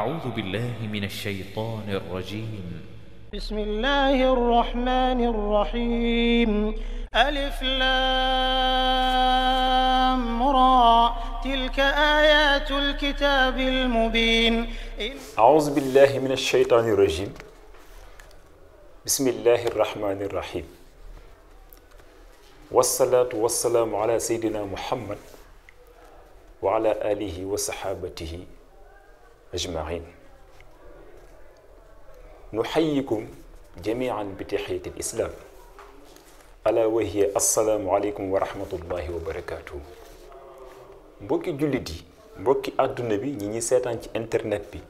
أعوذ بالله من الشيطان الرجيم بسم الله الرحمن الرحيم ألف لام را تلك آيات الكتاب المبين أعوذ بالله من الشيطان الرجيم بسم الله الرحمن الرحيم والصلاة والسلام على سيدنا محمد وعلى آله وصحابته أجمعين نحييكم جميعا بتحية الإسلام ألا وهي السلام عليكم ورحمة الله وبركاته بوكي جلدي بوكي أدو نبي نيني سيطان في انترنت بي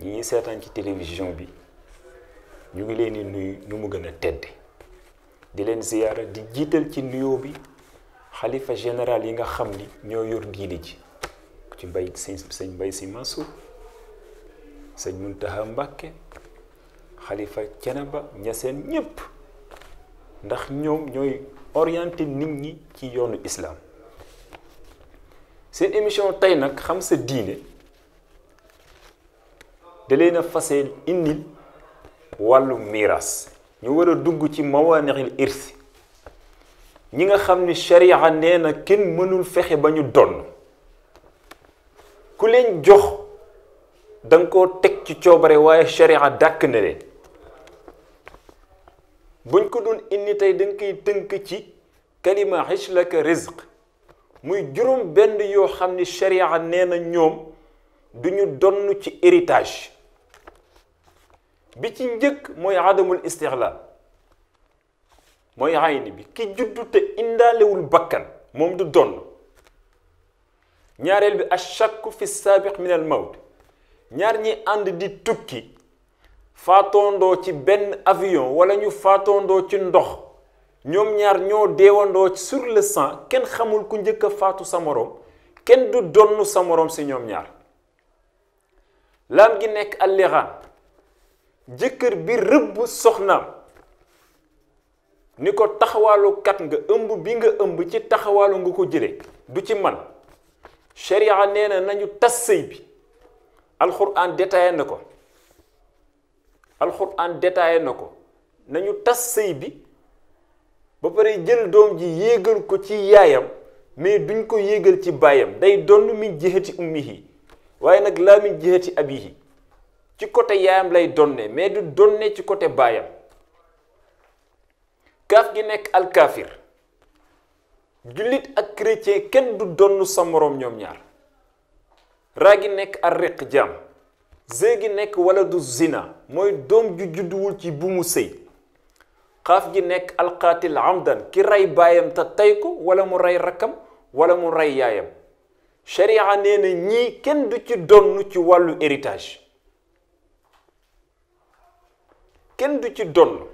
نيني سيطان في تلفزيون بي نيني لين نيو نمو تد دي لين زيارة دي جيتل تي نيو خليفة جنرال ينغا خملي نيو يور جيلي ci mbay sëñ sëñ mbay si Mansour sëñ Muntaxa Mbàkke xalifa Cenaba ñaseen ñépp ndax ñoom ñooy orienté nit ñi ci yoonu islaam seen émission tey nag xam sa diine da leen a faseel indil wàllu miiras ñu war a dugg ci mawaanixil irsi ñi nga xam ni sharia nee na kenn mënul fexe ba ñu donn ku leen jox da nga koo teg ci coobare waaye sharia dàkk na leen buñ ko doon indi tey dañ koy tënk ci kalima xislaka rizq muy juróom benn yoo xam ni sharia nee na ñoom du ñu donn ci héritage bi ci njëkk mooy adamul istixlaal mooy ayni bi ki juddu te indaalewul bakkan moom du donn ñaareel bi achakku fi saabiq min al ñaar ñi ànd di tukki faatoondoo ci benn avion walla ñu faatoondoo ci ndox ñoom ñaar ñoo deewandoo sur le sang kenn xamul ku njëkk faatu sa moroom kenn du donnu sa moroom si ñoom ñaar laam gi nekk alliraan jëkkër bi rëbb soxnaam ni ko taxawaalu kat nga ëmb bi nga ëmb ci taxawaalu nga ko jële du ci man sharia nee na nañu tas sëy bi alxuraan détaillé na ko alxuraan détaillé na ko nañu tas sëy bi ba pare jël doom ji yéegal ko ci yaayam mais duñ ko yéegal ci baayam day donn min jihati ummihi waaye nag laa min jihati abihi ci côté yaayam lay donne mais du donne ci côté baayam kaaf gi nekk alkaafir jullit ak chrétien kenn du donn sa moroom ñoom ñaar raa gi nekk ar riq zee gi nekk wala du zina mooy doom ju judduwul ci bu mu sëy xaaf gi nekk alqaatil amdan ki rey baayam te tey ko wala mu ray rakkam wala mu rey yaayam sharia nee na ñii kenn du ci donn ci wàllu héritage kenn du ci donn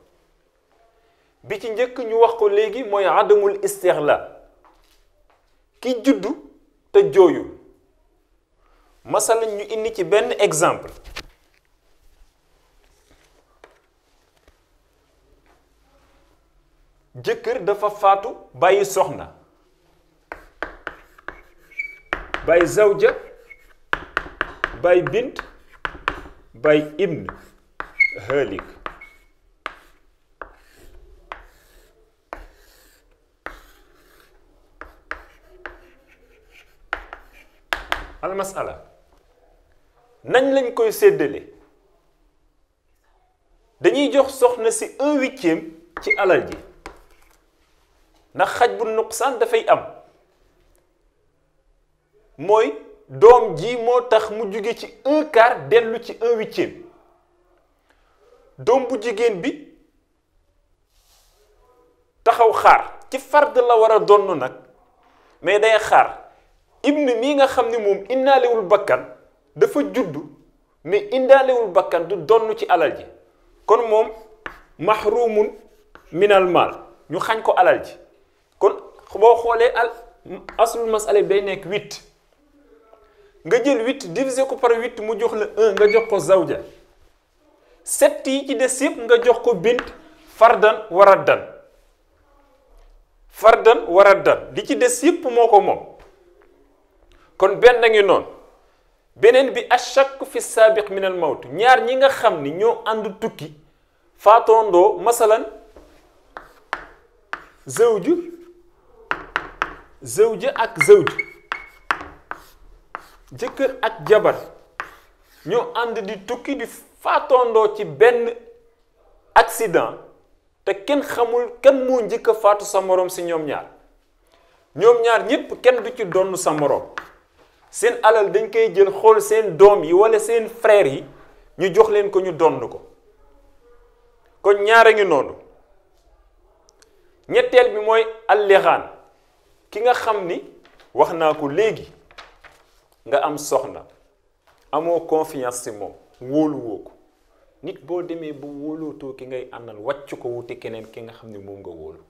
bi ci njëkk ñu wax ko léegi mooy adamul istixla ki juddu te jooyul masala ñu indi ci benn exemple jëkkër dafa faatu bàyyi soxna bàyyi zawja bàyyi bint bàyyi ibn halik al masala nañ lañ koy séddale dañuy jox soxna si un huitième ci alal ji ndax xaj bu nuqsaan dafay am mooy doom ji moo tax mu jóge ci un quart dellu ci un huitième doom bu jigéen bi taxaw xaar ci fard la war a donn nag mais day xaar ibn mii nga xam ne moom indaalewul bakkan dafa juddu mais indaalewul bakkan du donn ci alal ji kon moom mahrumun minal maal ñu xañ ko alal ji kon boo xoolee al aslul masale day nekk huit nga jël huit diviser ko par huit mu jox la un nga jox ko zawja sept yi ci des yëpp nga jox ko bint fardan waraddan fardan waraddan li ci des yëpp moo ko moom kon nga ngi non benen bi ashak fi sabiq min al maut ñaar ñi nga xamni ni andu tukki fatondo masalan zawju zawja ak zawj jëkkër ak jabar ño and di tukki di fatondo ci ben accident te ken xamul ken mo njëkk fatu faatu sa morom si ñom ñaar ñom ñaar ñepp ken du ci donu sa morom seen alal dañ koy jël xool seen doom yi wala seen freer yi ñu jox leen ko ñu dond ko kon ñaara ngi noonu ñetteel bi mooy allixaan ki nga xam ni wax naa ko léegi nga am soxna amoo confiance ci moom wóolu ko nit boo demee ba wóolootoo ki ngay àndal wàcc ko wuti keneen ki nga xam ni moom nga wóolu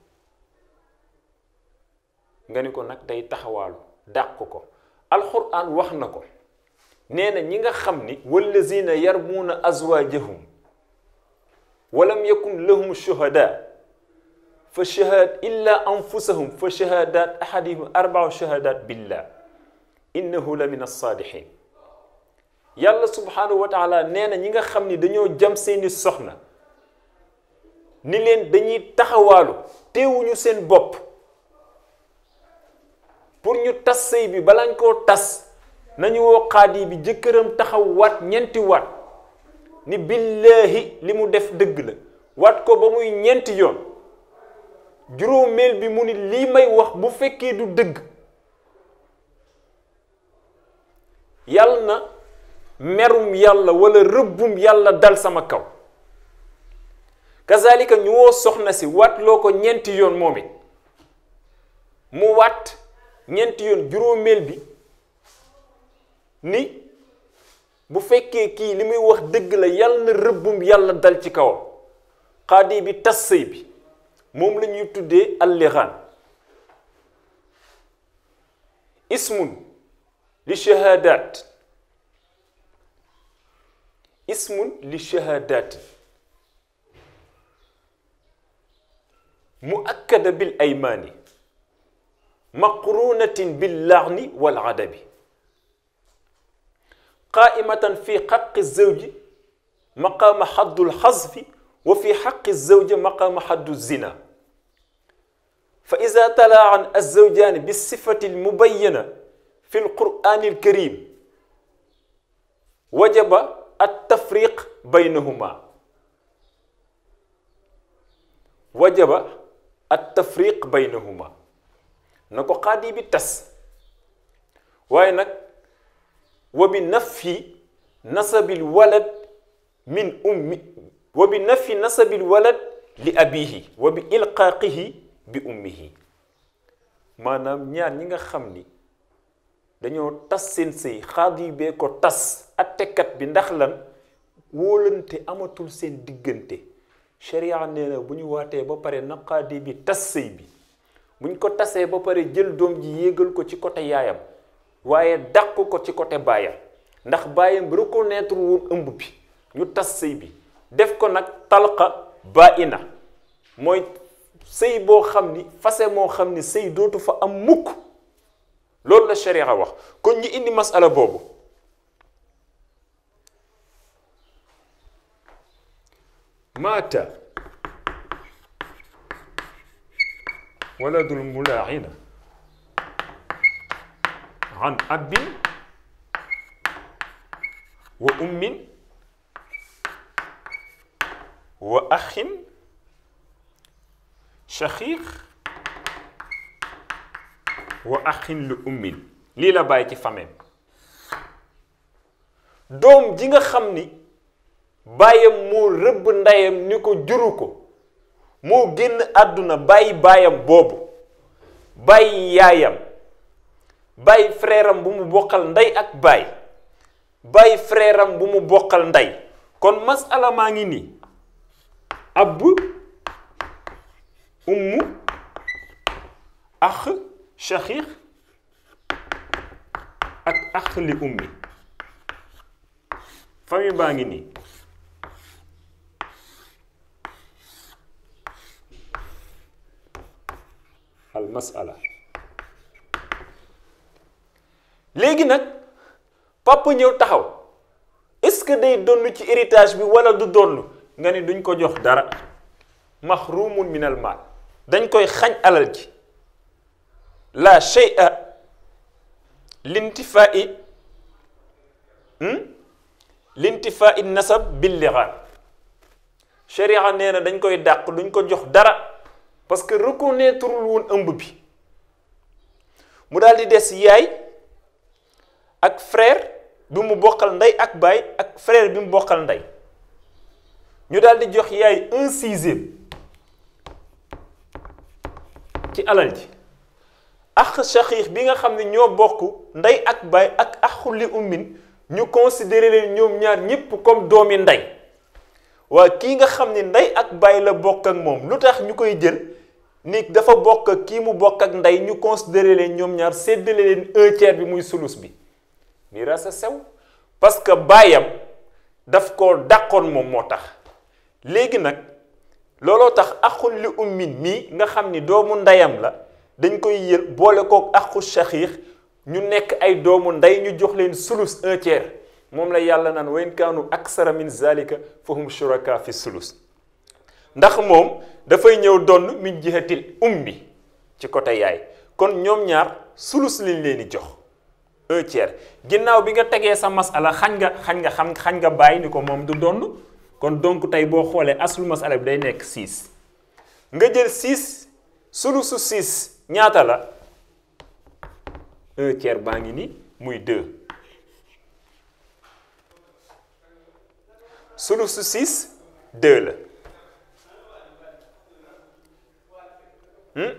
nga ni ko nag day taxawaalu dàq ko alxuraan wax na ko nee na ñi nga xam ni wallazina yarmuuna azwaajahum walam yakun lahum shuhada fa shahad illa anfusahum fa shahadat ahadihim arbau shahadat billah innahu la min alsaalihin yàlla subhaanahu wa taala nee na ñi nga xam ni dañoo jam seeni soxna ni leen dañuy taxawaalu teewuñu seen bopp pour ñu tas sëy bi balañ koo tas nañu woo xaadi bi jëkkëram taxaw waat ñeenti waat ni billaahi li mu def dëgg la wat ko ba muy ñeenti yoon juróomeel bi mu ni lii may wax bu fekkee du dëgg yàlla na merum yàlla walla rëbbum yàlla dal sama kaw kazalika ñu woo soxna si wat loo ko ñeenti yoon moom it mu waat ñeenti yoon juróomeel bi ni bu fekkee kii li muy wax dëgg la yàlla na rëbbum yàlla dal ci kawam xaadi bi tas sëy bi moom lañuy ñuy tuddee allixaan ismun li shahadaat ismun li shahadaati mu akkada bil aymaani مقرونة باللعن والعدب قائمة في حق الزوج مقام حد الحذف وفي حق الزوجة مقام حد الزنا فإذا تلاعن الزوجان بالصفة المبينة في القرآن الكريم وجب التفريق بينهما وجب التفريق بينهما نكو قادي بي تاس واي نك وبنفي نسب الولد من امي وبنفي نسب الولد لابيه وبالقاقه بامه مانام نيان نيغا خامني دانيو تاس سين سي خادي بي كو تاس اتكات بي ندخلن وولنتي اماتول سين ديغنتي شريعه نينا بو ني واتي با باري نقادي بي تاس سي بي buñ ko tasee ba pare jël doom ji yéegal ko ci côté yaayam waaye dàq ko ci côté baayam ndax baayam reconnaître wul ëmb bi ñu tas sëy bi def ko nag talqa ba na mooy sëy boo xam ni fase moo xam ni sëy dootu fa am mukk loolu la sharia wax kon ñu indi masala boobu maata ولد الملاعنة عن أب وأم وأخ شخيخ وأخ لأم لي لا باي كيفا ميم دوم ديغا خامني بايام مو رب ندايام نيكو جوروكو moo génn àdduna bàyyi baayam boobu bàyyi yaayam bàyyi frère am bu mu bokkal ndey ak baay bàyyi frère bu mu bokkal ndey kon masala maa ngi nii ab ummu ax shaqiq ak ax li ummi famille baa ngi nii المسألة لكن بابا نيو تاو اسك دي دونو تي اريتاج بي ولا دو دونو غاني دون كو جوخ دارا محروم من المال دنج كوي خاج علال لا شيء لانتفاء هم لانتفاء النسب باللغة شريعة نينا دنج كوي داق دون كو جوخ دارا parce que reconnaîtreul woon ëmb bi mu daal di des yaay ak frère bi mu bokkal ndey ak baay ak frère bi mu bokkal ndey ñu daal di jox yaay un ci alal ji ak shaqiix bi nga xam ne ñoo bokk ndey ak baay ak axuli ummin ñu considéré leen ñoom ñaar ñépp comme doomi ndey waa kii nga xam ni ndey ak baay la bokk ak moom lu tax ñu koy jël ni dafa bokk ak kii mu bokk ak ndey ñu considéré leen ñoom ñaar séddale leen un tiers bi muy sulus bi miraas a sew parce que baayam daf ko dàqoon moom moo tax léegi nag looloo tax axul li ummin mii nga xam ni doomu ndeyam la dañ koy yël boole kook axu shaxiix ñu nekk ay doomu ndey ñu jox leen sulus un moom la yàlla naan wayn ak aksara min zalika fahum shuraka fi sulus ndax moom dafay ñëw donn min jihatil ummi ci côté yaay kon ñoom ñaar sulus lañ leen di jox un ginnaaw bi nga tegee sa masala xañ nga xañ nga xam xañ nga bàyyi ni ko moom du donn kon donc tey boo xoolee aslu masala bi day nekk 6 nga jël 6 sulusu 6 ñaata la un baa ngi nii muy 2 sulusu six deux la hmm?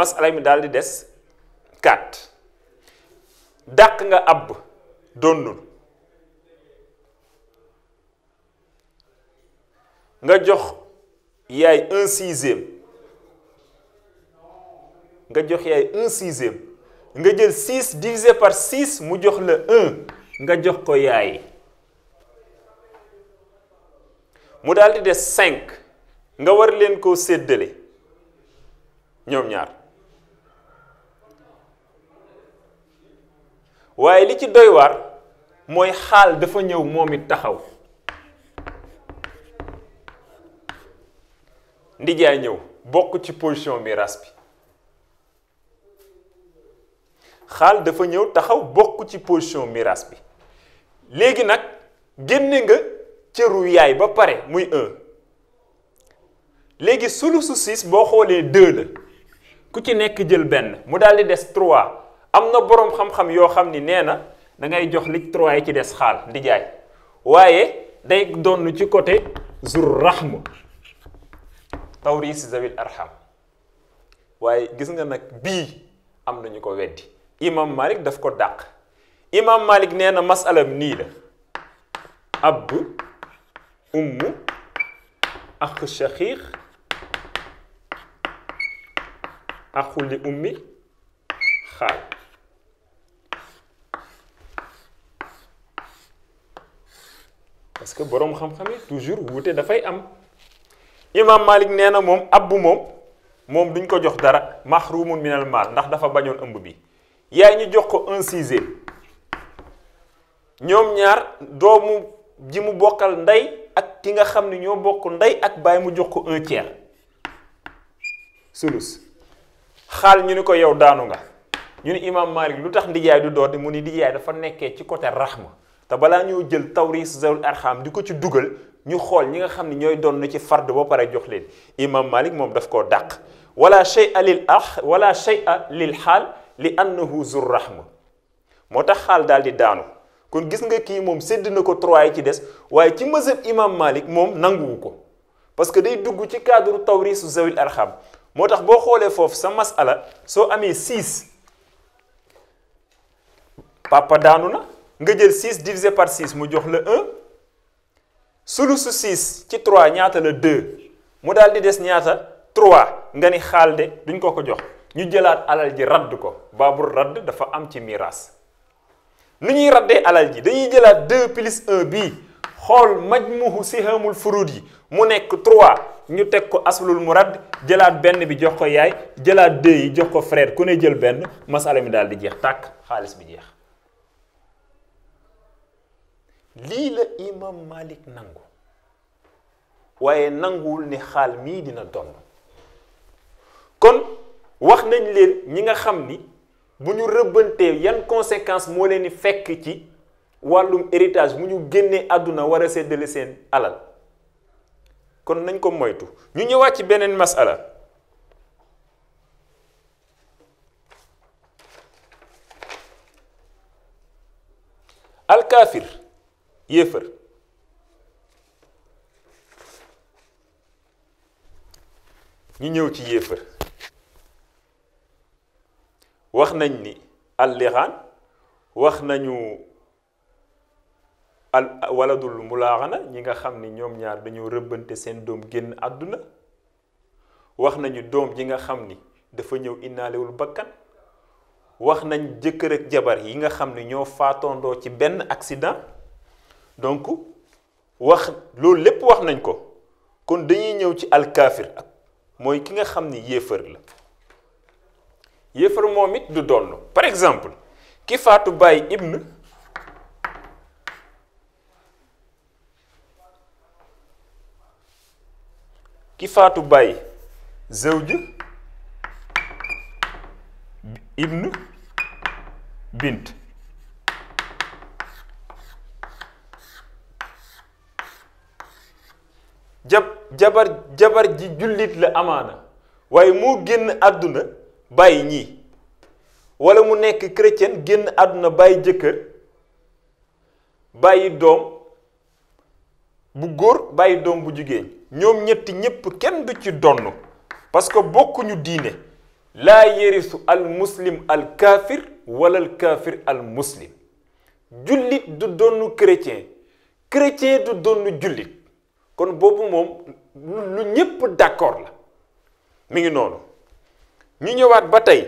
masala mi daal di des quatre dàq nga ab donnul nga jox yaay un sixième nga jox yaay un sixième nga jël six divisé par six mu jox la un nga jox ko yaay mu daal di des cinq nga war leen koo séddale ñoom ñaar waaye li ci doy mooy xaal dafa ñëw moom it taxaw ndijaay ñëw bokk ci position miraas bi xaal dafa ñëw taxaw bokk ci position miraas bi léegi nag génne nga cëru yaay ba pare muy un léegi su six boo xoolee deux la ku ci nekk jël benn mu daal di des trois am na boroom xam-xam yoo xam ni nee na da jox li trois yi ci des xaal di jaay waaye day donn ci côté zur rahma tawrisi zawil arham waaye gis nga nag bii am nañu ko weddi imam malik daf ko dàq imam malik nee na masalam nii la ab أم أخ شقيق أخ لأمي خال parce que boroom xam-xam yi toujours wuute dafay am imaam Malik nee na moom abbu moom moom duñ ko jox dara mahrumun minal maal ndax dafa bañoon ëmb bi yaay ñu jox ko un sixième ñoom ñaar doomu ji mu bokkal ndey ki nga xam ne ñoo bokk ndey ak baay mu jox ko un tiers sulus xaal ñu ni ko yow daanu nga ñu ni imam Malik lu tax ndijaay du doon mu ni ndijaay dafa nekkee ci côté rahma te balaa ñoo jël tawris zawul arxam di ko ci dugal ñu xool ñi nga xam ne ñooy doon ci fard ba pare jox leen imam Malik moom daf koo dàq wala shay a lil ah wala shay a lil xaal li annahu zur rahma moo tax xaal daal di daanu kon gis nga kii moom sédd na ko trois yi ci des waaye ci mazhab imam Malik moom nanguwu ko parce que day dugg ci cadre tawrisu zawil arham moo tax boo xoolee foofu sa masala soo amee six papa daanu na nga jël six divisé par six mu jox la un sulusu six ci trois ñaata la deux mu daal di des ñaata trois nga ni xaal de duñ ko ko jox ñu jëlaat alal ji radd ko baabul radd dafa am ci miraas nu ñuy raddee alal ji dañuy jëlaat 2 plus 1 bii xool majmuhu sihamul furud yi mu nekk 3 ñu teg ko aslul murad jëlaat benn bi jox ko yaay jëlaat 2 yi jox ko frère ku ne jël benn masala mi daal di jeex tàkk xaalis bi jeex lii la imam Malik nangu waaye nanguwul ne xaal mii dina donn kon wax nañ leen ñi nga xam ni buñu ñu rëbbantee conséquences mo moo leen di fekk ci walum héritage buñu ñu aduna wara war a alal kon nañ ko moytu ñu ñëwaat ci beneen masala kafir yéefar ñu ñëw ci yéefar wax nañ ni al lixaan wax nañu al waladul mulaaxana ñi nga xam ni ñoom ñaar dañoo rëbbante seen doom génn àdduna wax nañu doom ji nga xam ni dafa ñëw innaalewul bakkan wax nañ jëkkër ak jabar yi nga xam ni ñoo faatondoo ci benn accident donc wax loolu lépp wax nañ ko kon dañuy ñëw ci alkaafir mooy ki nga xam ni yéefar la yéefar moom it du donn par exemple ki faatu bàyyi ibn ki faatu bàyyi zawj ibn bint jab jabar jabar ji jullit la amaana waaye moo génn àdduna bàyyi ñii wala mu nekk chrétien génn àdduna bàyyi jëkkër bàyyi doom bu góor bàyyi doom bu jigéen ñoom ñetti ñépp kenn du ci donn parce que bokkuñu diine laa yarisu al muslim al kaafir wala al kaafir al muslim jullit du donn chrétien chrétien du donn jullit kon boobu moom lu ñépp d'accord la mi ngi noonu ñu ñëwaat ba tey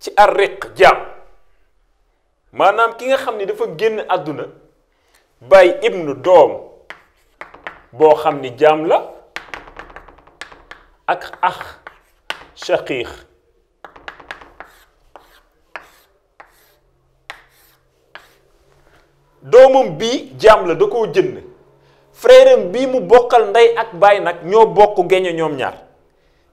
ci arriq jaam maanaam ki nga xam ni dafa génn àdduna bàyyi ibnu doom boo xam ni jaam la ak ax shaqiix doomam bii jaam la da koo jënd frère bii mu bokkal ndey ak baay nag ñoo bokk geñe ñoom ñaar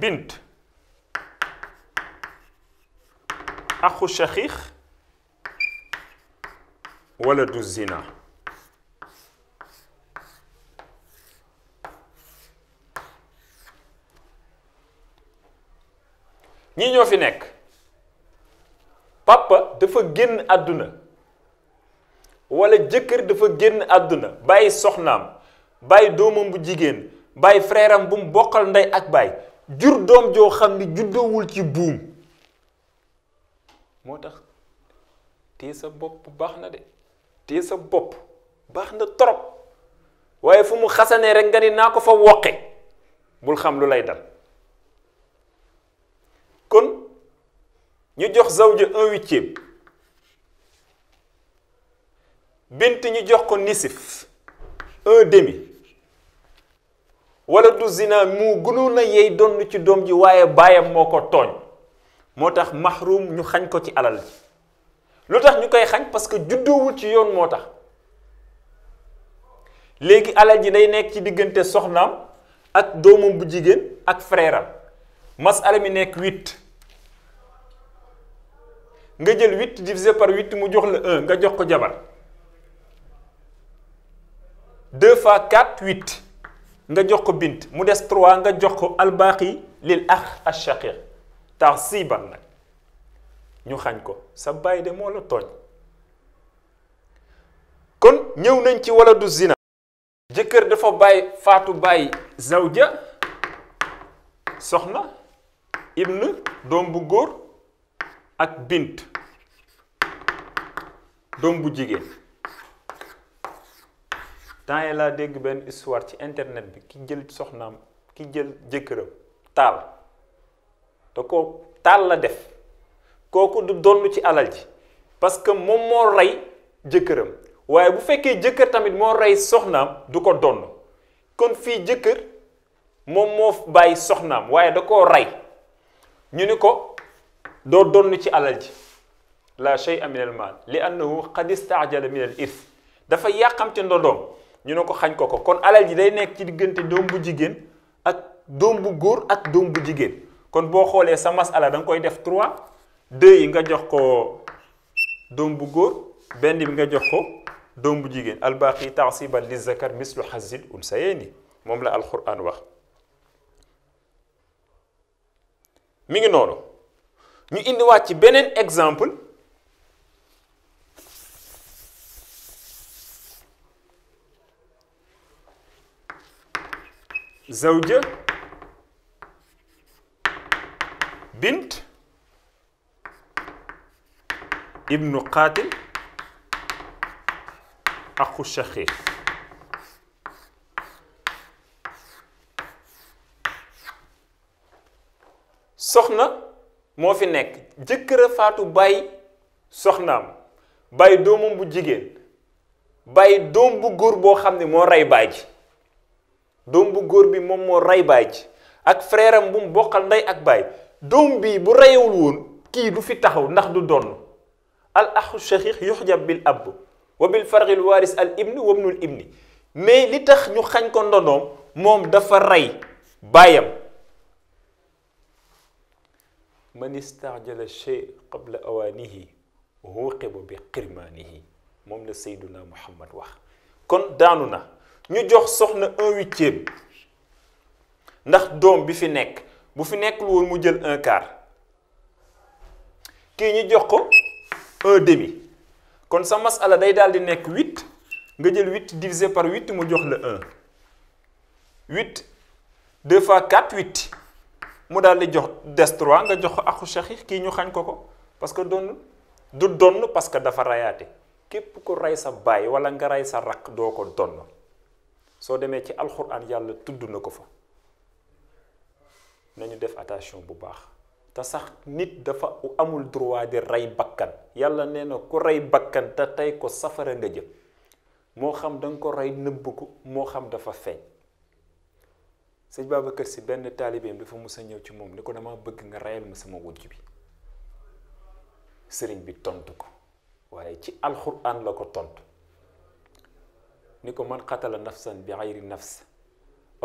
bint aku shaqiq walla du zina ñii ñoo fi nekk papa dafa génn àdduna wala jëkkër dafa génn àdduna bàyyi soxnaam bàyyi doomam bu jigéen bàyyi frère bu mu bokkal ndey ak baay jur doom joo xam ni juddoowul ci buum moo tax téye sa bopp baax na de téye sa bopp baax na trop waaye fu mu xasanee rek nga ni naa ko fa woqe bul xam lu lay dal kon ñu jox zawja un huitième bint ñu jox ko nisif un demi wala du zina mu gënoon na yey donn ci doom ji waaye baayam moo ko tooñ moo tax mahrum ñu xañ ko ci alal ji lu tax ñu koy xañ parce que juddoowul ci yoon moo tax léegi alal ji day nekk ci diggante soxnaam ak doomam bu jigéen ak frère am masala mi nekk huit nga jël huit divisé par huit mu jox la nga jox ko jabar deux fois quatre huit nga jox ko bint mu des 3 nga jox ko albaqi lil akh ash-shaqiq taxsiban nag ñu xagn ko sa baay de mo la togn kon ñëw nañ ci wala du zina jëkkër dafa bàyyi fatu bàyyi zawja soxna ibnu dom bu góor ak bint dom bu jigen temps yi laa dégg benn histoire ci internet bi ki jël soxnaam ki jël jëkkëram taal te ko taal la def kooku du donn ci alal ji parce que moom moo rey jëkkëram waaye bu fekkee jëkkër tamit moo rey soxnaam du ko donn kon fii jëkkër moom moo bàyyi soxnaam waaye da koo rey ñu ni ko doo donn ci alal ji la shay'a min al mal li annahu qad istaajala min al irth dafa ci ndodoom ñu ne ko xañ ko ko kon alal ji day nekk ci diggante doom bu jigéen ak doom bu góor ak doom bu jigéen kon boo xoolee sa masala da nga koy def 3 2 yi nga jox ko doom bu góor benn bi nga jox ko doom bu jigéen albaqi taasiban li zakar mislu xazil unsayeni moom la alquran wax mi ngi noonu ñu indi indiwaat ci beneen exemple zawja bint ibnu qaatil aqu shaqiiq soxna moo fi nekk jëkkëra faatu bàyyi soxnaam bàyyi doomam bu jigéen bàyyi doom bu góor boo xam ni moo rey baay ji doom bu góor bi moom moo rey baay ci ak frère am bu mu bokkal ndey ak baay doom bii bu reyewul woon kii du fi taxaw ndax du donn al axu shaqiq yuxjab bil ab wa bil farqi al waaris al ibni wa ibnul ibni mais li tax ñu xañ ko ndonoom moom dafa rey baayam man istaajala shay qabla awaanihi wuqiba bi qirmaanihi moom la sayduna muhammad wax kon daanu na Nous jox soxna un huitième ndax doom bi fi nekk bu fi mu jël un quart ñu ko un demi kon sa masala day daal di nekk 8, nga jël 8 divisé par 8, mu jox la un 8 deux fois 4, 8. mu daal di jox des Nous nga jox ko axu nous kii ñu ko parce que du parce que dafa rayaate képp ku rey sa wala nga sa ko soo demee ci alxuraan yàlla tudd na ko fa nañu def attention bu baax te sax nit dafa amul droit di rey bakkan yàlla nee na ku rey bakkan te tey ko safara nga jëm moo xam da ko rey nëbb moo xam dafa feeñ sëñ Babacar si benn taalibeem dafa mus ñëw ci moom ni ko dama bëgg nga reyal ma sama wujj bi sëriñ bi tontu ko waaye ci alxuraan la ko tontu ni ko man qatala nafsan bi xayri nafs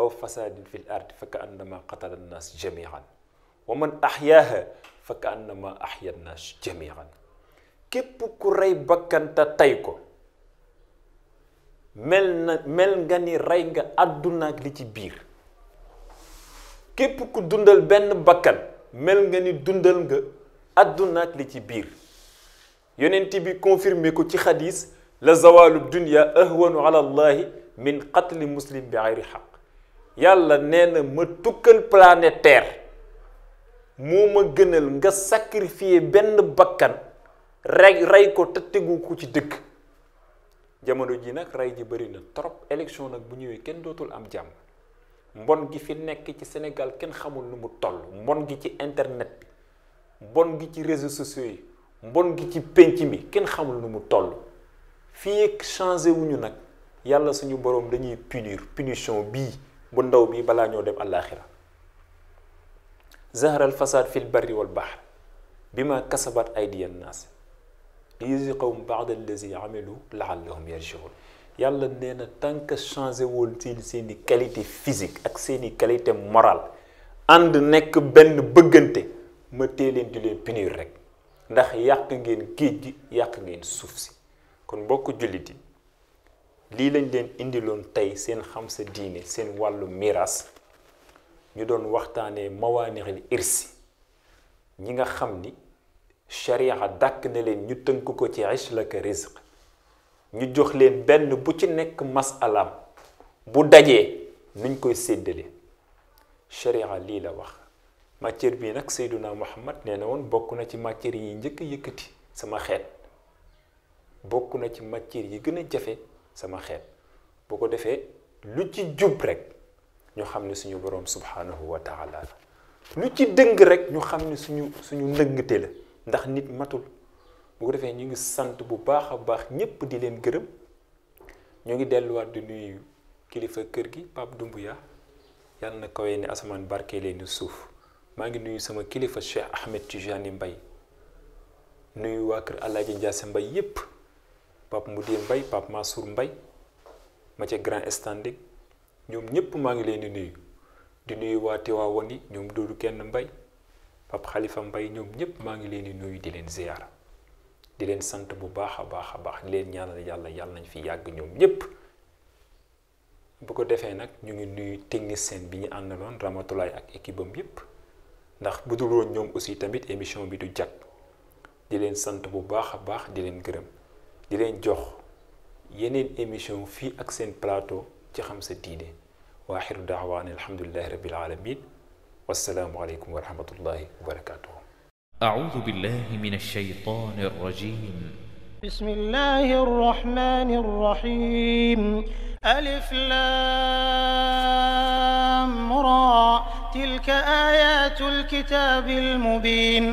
aw fasaadin fi l ard fa ka annama qatala annaas jamian wa man axyaaha fa ka annama axya annaas jamian képp ku rey bakkanta tey ko mel na mel nga ni rey nga àdduna ak li ci biir képp ku dundal benn bakkan mel nga ni dundal nga àdduna ak li ci biir yonent bi confirmé ko ci xadis لزوال الدنيا أهون على الله من قتل مسلم بغير حق yàlla nee na ma tukkal planète terre moo ma gënal nga sacrifier benn bakkan rey rey ko te tegu ko ci dëgg jamono ji nag rey ji bëri na trop élection nag bu ñëwee kenn dootul am jàmm mbon gi fi nekk ci Sénégal kenn xamul nu mu toll mbon gi ci internet bi mbon gi ci réseaux sociaux yi mbon gi ci pénc mi kenn xamul nu mu toll fii ak changé wuñu nag yàlla suñu boroom dañuy punir punition bii bu ndaw bii balaa ñoo dem àllaaxira zahara al fasad fi barri wal bahr bima kasabat aydi annaas liyuziqahum ba'da allazi amilu laallahum yarjiun yàlla nee na changé woon seen seen i qualité physique ak seen i qualité morale ànd nekk benn bëggante ma tee di leen punir rek ndax yàq ngeen géej gi ngeen suuf si kon bokk jullit yi lii lañ leen indiloon tey seen xam sa diine seen wàllu miraas ñu doon waxtaanee mawaaniril irsi ñi nga xam ni sharia dàkk na leen ñu tënk ko ci ishlaka rizq ñu jox leen benn bu ci nekk masalaam bu dajee nuñ koy séddale sharia lii la wax matière bii nag Seyduna Muhammad nee na woon bokk na ci matière yi njëkk yëkkati sama xeet bokk na ci matière yi gën a jafe sama xeet bu ko defee lu ci jub rek ñu xam ne suñu borom subhanahu wa taala lu ci dëng rek ñu xam ne suñu suñu ndëngte la ndax nit matul bu ko defee ñu ngi sant bu baax a baax ñépp di leen gërëm ñu ngi delluwaat di nuyu kilifa kër gi Pape Doumbouya yàlla na kawee ni asamaan barke leen suuf maa ngi nuyu sama kilifa Cheikh Ahmed Tijani mbay nuyu waa kër Alaaji Njaase Mbaye yépp Pape Moudiye mbay Pape Mansour Mbaye ma ca grand standing ñoom ñëpp maa ngi leen di nuyu di nuyu waa Tiwaawan yi ñoom Doudou Kenn mbay Pape xalifa mbay ñoom ñëpp maa ngi leen di nuyu di leen ziyaara di leen sant bu baax a baax a baax leen ñaanal yàlla yàlla nañ fi yàgg ñoom ñëpp bu ko defee nag ñu ngi nuyu technicien bi ñu àndaloon Ramatulaay ak équipe yëpp ndax bu dul woon aussi tamit émission bi du jag di leen sant bu baax a baax di leen gërëm. di leen jox yeneen émission fii ak seen plateau ci xam sa diine wa axiru daawaani alhamdulilahi rabil alamin wassalaamu aleykum wa rahmatullahi wa barakatuhu أعوذ بالله من الشيطان الرجيم بسم الله الرحمن الرحيم ألف لام را تلك آيات الكتاب المبين